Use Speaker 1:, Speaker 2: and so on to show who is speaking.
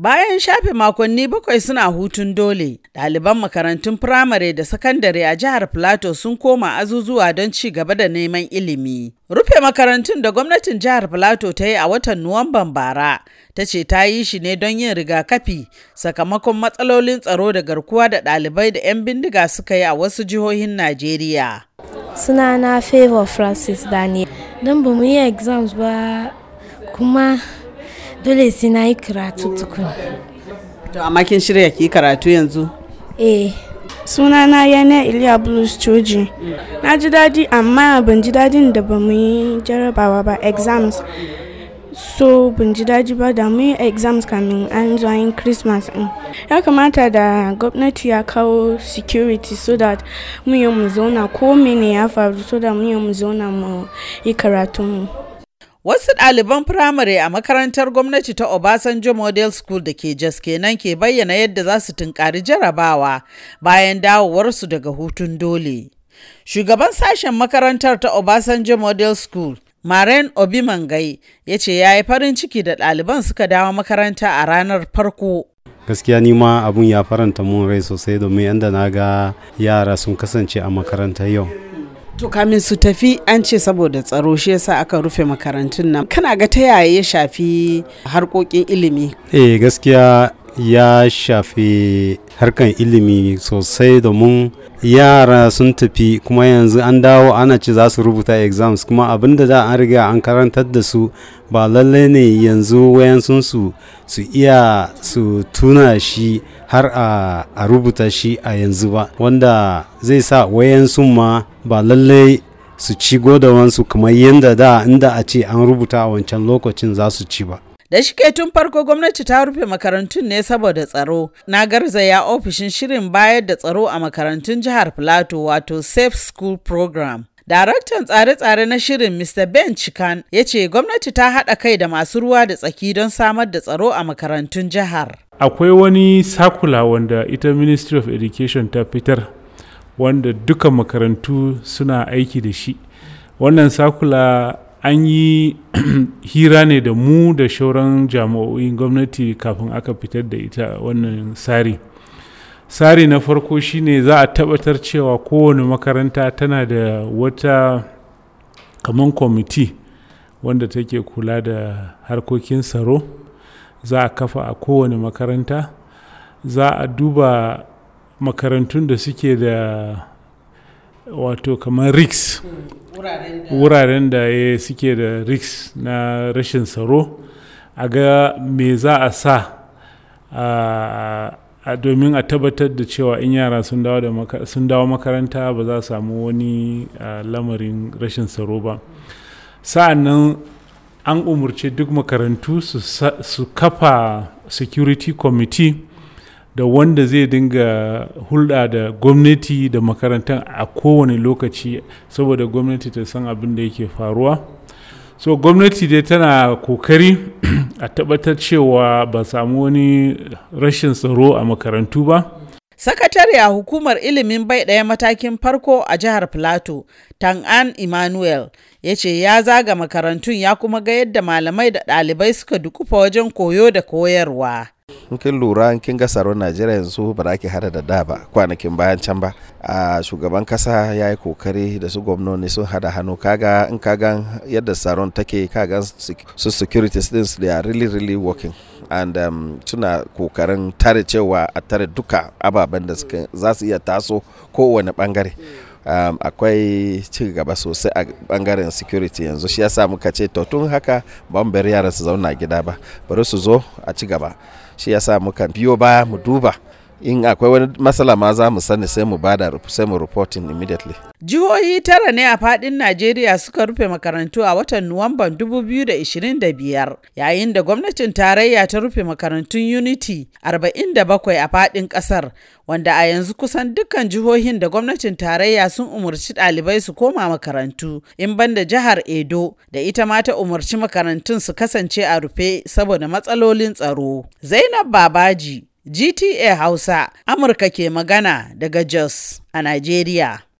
Speaker 1: Bayan shafe makonni bakwai suna hutun dole, ɗaliban makarantun firamare da sakandare a jihar Plateau sun koma azuzuwa don ci gaba da neman ilimi. Rufe makarantun da gwamnatin jihar Plateau ta yi a watan Nuwamban bara, ta ce ta yi shi ne don yin rigakafi sakamakon matsalolin tsaro da garkuwa da ɗalibai da 'yan bindiga suka yi a wasu jihohin Najeriya. na Favor Francis Daniel. Don ba mu yi exams ba kuma dole sai na yi karatu tukun to amma kin shirya ki karatu yanzu eh sunana yana iliya blues choji na ji dadi amma ban ji dadin da ba mu yi jarabawa ba exams so ban ji daji ba da mu yi exams kamin an zuwa yin christmas din ya kamata da gwamnati ya kawo security so that mu yi mu zauna ko mene ya faru so that mu yi mu zauna mu yi karatunmu Wasu ɗaliban firamare a makarantar gwamnati ta Obasanjo Model School da ke Jos kenan ke bayyana yadda za su tunkari jarabawa bayan dawowarsu daga hutun dole. Shugaban sashen makarantar ta Obasanjo Model School, Maren Obimangai, ya ce ya yi farin ciki da ɗaliban suka dawo makaranta a ranar farko.
Speaker 2: gaskiya ni ma abun ya faranta mun rai sosai domin yadda na ga yara sun kasance a makaranta yau
Speaker 1: To kamin su tafi an ce saboda tsaro shi yasa aka rufe makarantun nan. Kana ga ta yaya ya shafi harkokin ilimi?
Speaker 2: Eh gaskiya ya shafi harkan ilimi sosai domin yara sun tafi kuma yanzu an dawo ana ce za su rubuta exams kuma abin da za an riga an karantar da su ba lallai ne yanzu wayansun su su iya su tuna shi har a rubuta shi a yanzu ba wanda zai sa wayan wayansun ma ba lallai su ci godawansu kamar yadda da inda a ce an rubuta a wancan lokacin za su ci ba
Speaker 1: da shike tun farko gwamnati ta rufe makarantun ne saboda tsaro na garzaya ofishin shirin bayar da tsaro a makarantun jihar plateau wato safe school program Daraktan tsare-tsare na shirin Mr. Ben Chikan ya ce gwamnati ta haɗa kai da masu ruwa da tsaki don samar da tsaro a makarantun jihar.
Speaker 3: Akwai wani sakula wanda ita Ministry of Education ta fitar wanda duka makarantu suna aiki da shi wannan sakula an yi hira ne da mu da shauran jami'o'in gwamnati kafin aka fitar da ita wannan tsari tsari na farko shine za a tabbatar cewa kowane makaranta tana da wata kamar kwamiti wanda take kula da harkokin tsaro za a kafa a kowane makaranta za a duba makarantun da suke da wato kamar riks wuraren da ya eh, suke da riks na rashin tsaro a ga me za a sa a domin a tabbatar da cewa in yara sun dawo makaranta ba za su samu wani lamarin rashin tsaro ba sa'an an umarci duk makarantu su kafa security committee da wanda zai dinga hulɗa da gwamnati da makarantar a kowane lokaci saboda gwamnati ta san abin da yake faruwa so gwamnati dai tana kokari a tabbatar cewa ba samu wani rashin tsaro a makarantu ba
Speaker 1: sakatare a hukumar ilimin bai ɗaya matakin farko a jihar plateau tan'an emmanuel ya ce ya zaga makarantun ya kuma ga yadda malamai da ɗalibai suka dukufa wajen koyo da koyarwa
Speaker 4: kin lura kin ga tsaron najeriya yanzu ba za ki hada da da ba kwanakin bayan can ba a shugaban kasa ya yi kokari da su gwamnoni sun hada hannu kaga in gan yadda tsaron take kaga su security din they are really really working and um, suna kokarin tare cewa a tare duka ababen da za su iya taso kowane bangare um, akwai ci gaba sosai a bangaren security yanzu shi yasa muka ce to tun haka ban bari yara su zauna gida ba bari su zo a ci gaba shi yasa muka biyo baya mu duba in akwai wani matsala ma za mu sani sai mu bada sai mu reporting immediately.
Speaker 1: Jihohi tara ne a fadin Najeriya suka rufe makarantu a watan Nuwamban 2025 yayin da gwamnatin tarayya ta rufe makarantun Unity 47 a fadin kasar wanda a yanzu kusan dukkan jihohin da gwamnatin tarayya sun umarci ɗalibai su koma makarantu in banda jihar Edo da ita ma ta umarci makarantun su kasance a rufe saboda matsalolin tsaro. Zainab Babaji GTA Hausa, Amurka ke magana daga Jos a Najeriya.